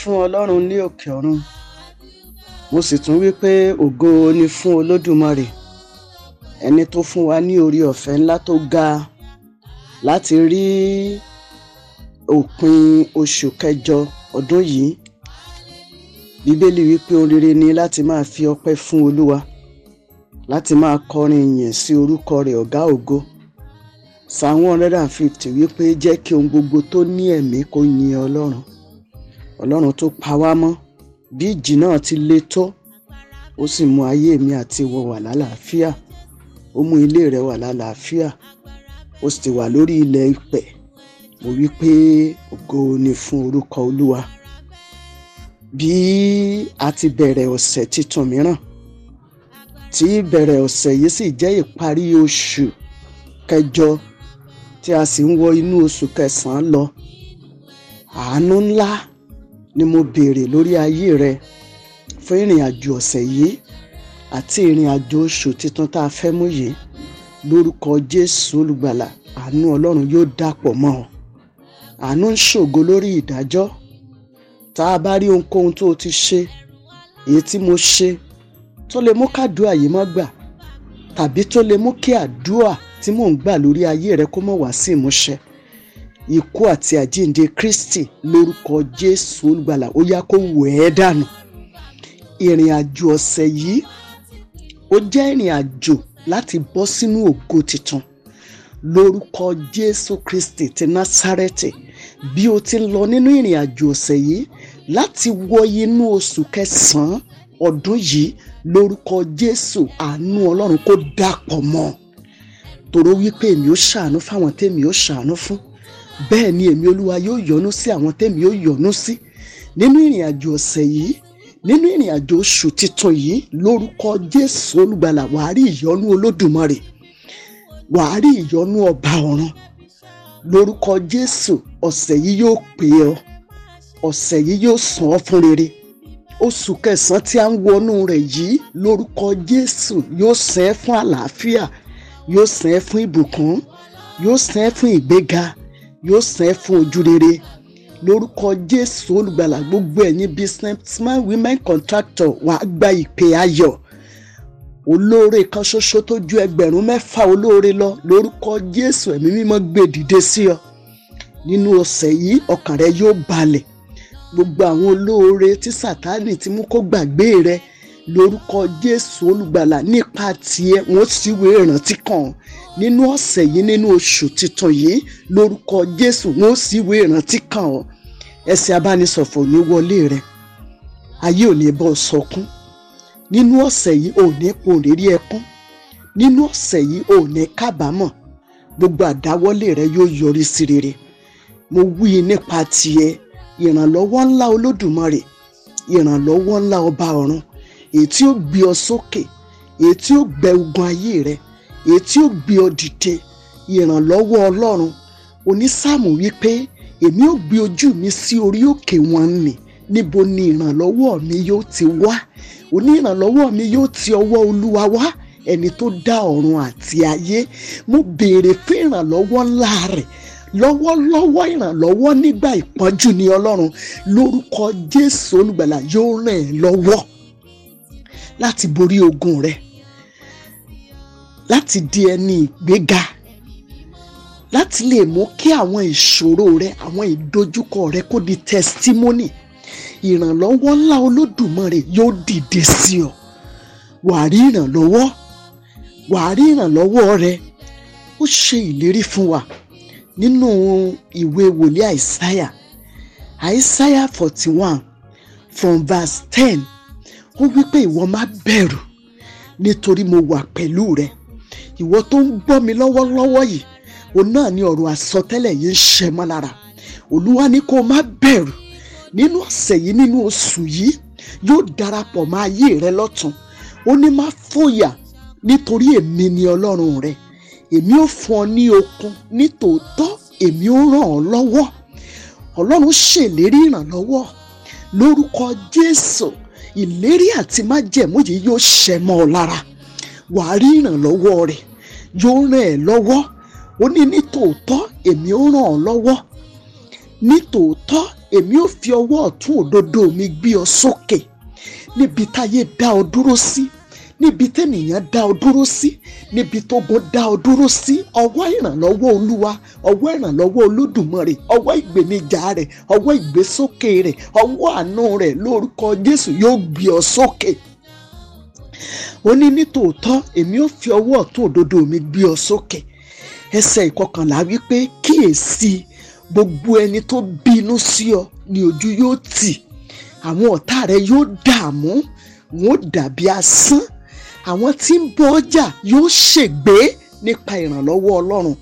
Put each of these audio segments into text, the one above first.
fún ọlọ́run ní òkè ọ̀run mo sì tún wí pé ògo ni fún olódùmarè ẹni tó fún wa ní orí ọ̀fẹ́ ńlá tó ga láti rí òpin oṣù kẹjọ ọdún yìí bíbélì wípé ohun ni láti máa fi ọpẹ́ fún olúwa láti máa kọrin ìyìn sí orúkọ rẹ̀ ọ̀gá ògo psalm one hundred and fifty wípé jẹ́ kí ohun gbogbo tó ní ẹ̀mí kó yin ọlọ́run ọlọ́run tó pa wá mọ́ bí ìjì náà ti le tó ó sì mú ayé mi àti ìwọ wà lálàáfíà ó mú ilé rẹ wà lálàáfíà ó sì ti wà lórí ilẹ̀ ìpẹ̀ mo wí pé ògo ni fún orúkọ olúwa bí a ti bẹ̀rẹ̀ ọ̀sẹ̀ tuntun mìíràn tí bẹ̀rẹ̀ ọ̀sẹ̀ yìí sì jẹ́ ìparí oṣù kẹjọ tí a sì ń wọ inú oṣù kẹsàn-án lọ àánú ńlá ni mo béèrè lórí ayé rẹ fún ìrìn àjò ọ̀sẹ̀ yìí àti ìrìn àjò oṣù tuntun tá a fẹ́ mú yìí lórúkọ Jésù olùgbàlà àánú Ọlọ́run yóò dàpọ̀ mọ́ ọ àánú ń ṣògo lórí ìdájọ́ tá a bá rí ohunkóhun tó o ti ṣe èyí tí mo ṣe tó lè mú kádùá yìí má gbà tàbí tó lè mú kí àdúà tí mò ń gbà lórí ayé rẹ kó mọ̀ wá sí ìmúṣẹ ikú àti àjíǹde Kristi lórúkọ Jésù olùgbàlà ó yá kó wẹ̀ ẹ́ dànù ìrìn àjò ọ̀sẹ̀ yìí ó jẹ́ ìrìn àjò láti bọ́ sínú ògo tuntun lórúkọ Jésù Kristi ti Násárẹ́tì bí o ti lọ nínú ìrìn àjò ọ̀sẹ̀ yìí láti wọ inú oṣù kẹsàn-án ọdún yìí lórúkọ Jésù àánú Ọlọ́run kó dàpọ̀ mọ́ tòró wípé èmi ó ṣàánú fáwọn tèmi ó ṣàánú fún bẹ́ẹ̀ ni èmi olúwa yóò yọ́nú sí àwọn tèmi yóò yọ́nú sí nínú ìrìn àjò ọ̀sẹ̀ yìí nínú ìrìn àjò oṣù tuntun yìí lórúkọ jésù olùgbàlà wàá rí ìyọ́nú olódùmarè wàá rí ìyọ́nú ọba ọ̀run lórúkọ jésù ọ̀sẹ̀ yìí yóò pè ọ́ ọ̀sẹ̀ yìí yóò sàn ọ́ fún rere oṣù kẹsàn-án tí a ń wọnú rẹ̀ yìí lórúkọ jésù yóò sàn fún àlàáfíà yóò sàn fún ìbùkún yóò sàn fún ìgbéga yóò san ẹ́ fún ojú rere lórúkọ jésù olùgbàlà gbogbo ẹ̀yin businessman women contractor wà á gba ìpè ayọ̀ olóore kan ṣoṣo tó ju ẹgbẹ̀rún mẹ́fà olóore lọ lórúkọ jésù ẹ̀mí mímọ́ gbé dìde sí ọ nínú ọ̀sẹ̀ yìí ọkàn rẹ yóò balẹ̀ gbogbo àwọn olóore tí sátánì ti mú kó gbàgbé rẹ lórúkọ jésù olùgbàlà nípa tiẹ̀ wọn sì wé ìrántí kan nínú ọ̀sẹ̀ yìí nínú oṣù tuntun yìí lórúkọ jésù wọn sì wé ìrántí kan ẹsẹ̀ abánisọ̀fọ̀ ní wọlé rẹ̀ ayé ò ní bọ́ sọkún nínú ọ̀sẹ̀ yìí ò ní po rírí ẹkún nínú ọ̀sẹ̀ yìí ò ní kábàámọ̀ gbogbo àdáwọ́lé rẹ yóò yọrí sí rere mo wí nípa tiẹ̀ ìrànlọ́wọ́ ńlá olódùmarè ìrànlọ́wọ́ ńlá ọba ọ̀run èyí tí ó gbé ọ sókè èyí tí ó gbẹ ogun ayé rẹ èyí tí ó gbé ọ dìde ìrànlọ́wọ́ ọlọ́run onísáàmù wípé èmi ò gbé ojú mi sí orí òkè wọn nì níbo ni ìrànlọ́wọ́ mi yóò ti wá òní ìrànlọ́wọ́ mi yóò ti ọwọ́ olúwa wá ẹni tó dá ọ̀run àti ayé mo béèrè fún ìrànlọ́wọ́ ńlá rẹ̀ lọ́wọ́lọ́wọ́ ìrànlọ́wọ́ nígbà ìpọ́njú ni ọlọ́run lórúkọ jésù olùgbàlà yóò ràn ẹ́ lọ́wọ́ láti borí ogun rẹ láti di ẹni ìgbéga láti lè mú kí àwọn ìṣòro rẹ àwọn ìdojúkọ rẹ kó di testimony ìrànlọ́wọ́ ńlá olódùmarè yóò dìde sí ọ wàá rí ìrànlọ́wọ́ wàá rí ìrànlọ́wọ́ rẹ ó ṣe ìlérí fún wa nínú ìwé wòlíì àìsáyà àìsáyà forty one from verse ten ó wí pé ìwọ má bẹ̀rù nítorí mo wà pẹ̀lú rẹ ìwọ tó ń gbọ́ mi lọ́wọ́lọ́wọ́ yìí òun náà ni ọ̀rọ̀ àsọtẹ́lẹ̀ yìí ń ṣẹ mọ́ lára olúwa ní kó o má bẹ̀rù nínú ọ̀sẹ̀ yìí nínú oṣù yìí yóò darapọ̀ mọ́ ayé rẹ lọ́tun ó ní má fòyà nítorí èmi ni ọlọ́run rẹ èmi ò fún ọ ní okun nítòótọ́ èmi ò ràn ọ́ lọ́wọ́ ọlọ́run ṣèlérí ìrànlọ́wọ́ lórúkọ jésù ìlérí àti májẹ̀mú yìí yóò ṣẹ mọ́ ọ lára wàá rí ìrànlọ́wọ́ rẹ̀ yóò ràn ẹ́ lọ́wọ́ ó ní ní tòótọ́ èmi ó ràn ọ́ lọ́wọ́ ní tòótọ́ èmi ó fi ọwọ́ ọ̀tún òdodo mi gbé ọ sókè níbi táyé dá ọ dúró sí níbi tẹ́nìyàn dá ọ dúró sí níbi tógun dá ọ dúró sí ọwọ́ ìrànlọ́wọ́ olúwa ọwọ́ ìrànlọ́wọ́ olódùmarè ọwọ́ ìgbènijà rẹ̀ ọwọ́ ìgbésókè rẹ̀ ọwọ́ àánú rẹ̀ lórúkọ jésù yóò gbé ọ sókè ó ní nítòótọ́ èmi ò fi ọwọ́ ọ̀tún òdodo mi gbé ọ sókè ẹsẹ̀ ìkọkànlá wípé kíyèsí gbogbo ẹni tó bínú sí ọ ní ojú yóò tì àwọn ọ̀tá rẹ yóò dààmú wọn ó dàbí asán àwọn tí ń bọ ọjà yóò ṣègbé nípa ìrànlọ́wọ́ ọlọ́run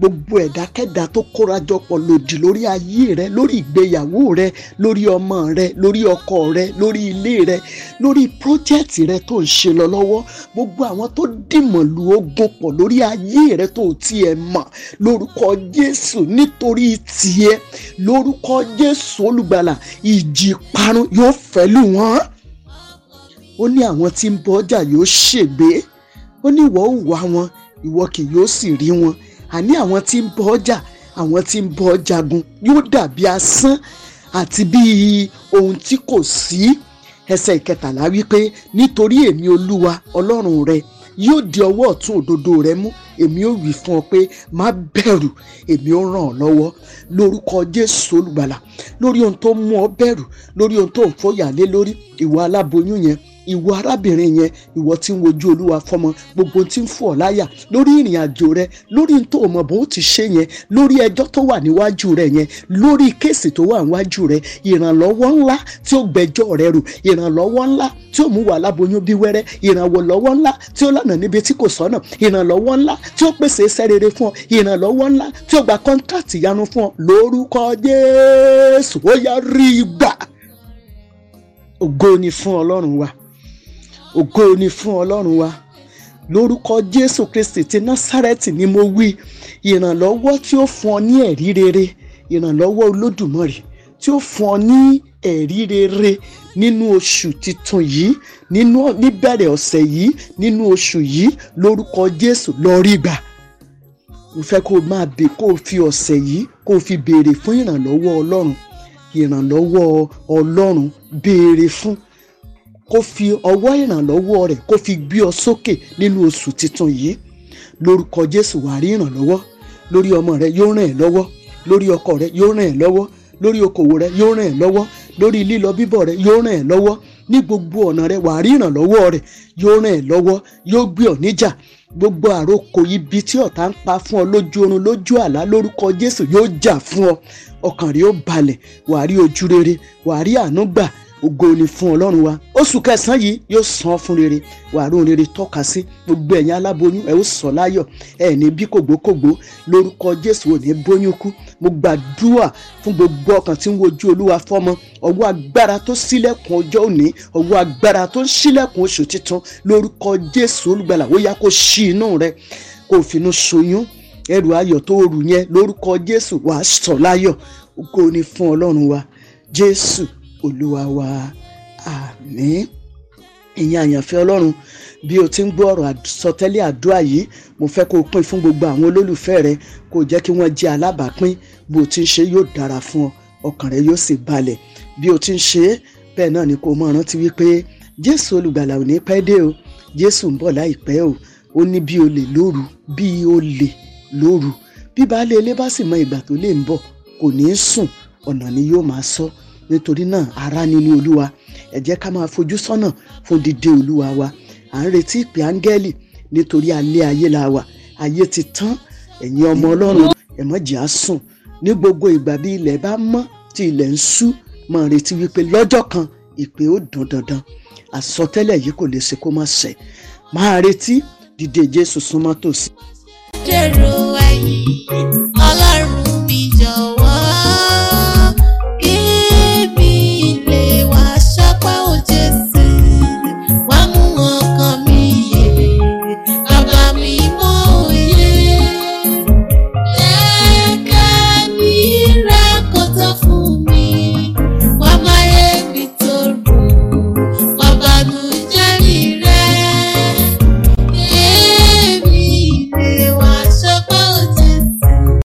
gbogbo ẹ̀dákẹ́dá tó kórajọpọ̀ lòdì lórí ayé rẹ lórí ìgbéyàwó rẹ lórí ọmọ rẹ lórí ọkọ rẹ lórí ilé rẹ lórí pírójẹ́tì rẹ tó ń ṣe lọ lọ́wọ́ gbogbo àwọn tó dìmọ̀ lu ogun pọ̀ lórí ayé rẹ tó tiẹ̀ mọ̀ lórúkọ Jésù nítorí tiẹ̀ lórúkọ Jésù olùgbàlà ìjì parun yóò fẹ́lú wọn ó ní àwọn tí ń bọ́ ọjà yóò ṣègbé ó ní ìwọ ò wá wọn ìwọ kì yóò sì rí wọn àní àwọn tí ń bọ́ ọjà àwọn tí ń bọ́ jagun yóò dàbí asán àti bíi ohun tí kò sí ẹsẹ̀ ìkẹtàlá wípé nítorí èmi olúwa ọlọ́run rẹ yóò di ọwọ́ ọ̀tún òdodo rẹ mú èmi ó wí fún ọ pé má bẹ̀rù èmi ó ràn ọ́ lọ́wọ́ lórúkọ jésù olùgbàlà lórí ohun tó mú ọ bẹ̀rù lórí ohun tó ń fòyà lé lórí ìwà aláboyún yẹn ìwọ arábìnrin yẹn ìwọ tí ń wojú olúwa fọmọ gbogbo tí ń fọ láyà lórí ìrìn àjò rẹ lórí tó o bó ti ṣe yẹn lórí ẹjọ́ tó wà níwájú rẹ yẹn lórí kéèsì tó wà níwájú rẹ ìrànlọ́wọ́ ńlá tí ó gbẹjọ́ rẹ rù ìrànlọ́wọ́ ńlá tí ó mú wà láboyún bí wẹ́rẹ́ ìrànlọ́wọ́ ńlá tí ó lànà níbi tí kò sọ́nà ìrànlọ́wọ́ ńlá tí ó pèsè iṣẹ́ rere fún ọ ìrànlọ́wọ́ ńlá tí ó gba kọ́ńtàtì yanu ògo ni fún Ọlọ́run wa ògo ni fún ọlọ́run wa lórúkọ jésù kristi ti násárẹ́tì ni mo wí ìrànlọ́wọ́ tí ó fún ọ ní ẹ̀rí rere ìrànlọ́wọ́ olódùmarè tí ó fún ọ ní ẹ̀rí rere nínú oṣù titun yìí nínú níbẹ̀rẹ̀ ọ̀sẹ̀ yìí nínú oṣù yìí lórúkọ jésù lọ rí gbà mo fẹ́ kó o máa bè kó o fi ọ̀sẹ̀ yìí kó o fi béèrè fún ìrànlọ́wọ́ ọlọ́run ìrànlọ́wọ́ ọlọ́run béèrè fún kó fi ọwọ́ ìrànlọ́wọ́ rẹ̀ kó fi gbé ọ sókè nínú oṣù tuntun yìí lórúkọ Jésù wàá rí ìrànlọ́wọ́ lórí ọmọ rẹ yóò ràn ẹ́ lọ́wọ́ lórí ọkọ rẹ yóò ràn ẹ́ lọ́wọ́ lórí okòwò rẹ yóò ràn ẹ́ lọ́wọ́ lórí lílọ bíbọ̀ rẹ yóò ràn ẹ́ lọ́wọ́ ní gbogbo ọ̀nà rẹ wàá rí ìrànlọ́wọ́ rẹ yóò ràn ẹ́ lọ́wọ́ yóò gbé ọ níjà gbogbo àrokò ibi tí ọ̀tá ń pa fún ọ lójú oorun lójú àlá lórúkọ Jésù yóò jà fún ọ ọkàn rẹ ó balẹ̀ wàá rí ojú rere wàá rí àánú gbà ògo ni fún ọlọ́run wa oṣù kẹsàn-án yìí yóò san fún rere wàá rún rere tọ́ka sí gbogbo ẹ̀yin aláboyún ẹ̀ ó sọ láyọ̀ ẹ̀ ní bí kògbókògbó lórúkọ jésù ò ní bóyún kú mo gbàdúrà fún gbogbo ọkàn tí ń wojú olúwa fọ́mọ ọwọ́ agbára tó ṣílẹ̀kùn ọjọ́ òní ọwọ́ agbára tó ṣílẹ̀kùn oṣù tuntun lórúkọ jésù olùgbàlà ó yá kó ṣí inú rẹ kó finú ṣoyún ẹrù ayọ̀ tó rù yẹn lórúkọ jésù wàá sọ láyọ̀ ògo ni fún ọlọ́run wa jésù olúwa wa àmín ìyẹn àyànfẹ́ ọlọ́run bí o ti ń gbọ́ ọ̀rọ̀ àsọtẹ́lẹ̀ àdúrà yìí mo fẹ́ kó o pín fún gbogbo àwọn olólùfẹ́ rẹ kó o jẹ́ kí wọ́n jẹ́ alábàápín bó o ti ń ṣe yóò dára fún ọ ọkàn rẹ yóò sì balẹ̀ bí o ti ń ṣe bẹ́ẹ̀ náà ni kó o mọ̀ rántí wípé jésù olùgbàlà ò ní pẹ́ dé o jésù ń bọ̀ láìpẹ́ o ó ní bí olè lóru bí olè lóru bí baálé ilé bá sì mọ ìgbà tó lè ń bọ̀ kò ní í sùn ọ̀nà ni yóò máa sọ nítorí náà ará nínú olúwa ẹ jẹ́ ká máa fojú sọ́nà fún dídé olúwa wa à ń retí ìpè áńgẹ́lì nítorí alẹ́ ayé la wà ayé ti tán ẹ̀yin ọmọ ọlọ́run ẹ má jẹ́ á sùn ní gbogbo ìgbà bí ilẹ̀ bá mọ́ tí ilẹ̀ ń ṣú máa retí wípé lọ́jọ́ kan ìpè ó dùn dandan àsọtẹ́lẹ̀ yìí kò lè ṣe kó má ṣẹ máa retí dìde Jésù súnmọ́ tòsí. dèrò ẹ̀yìn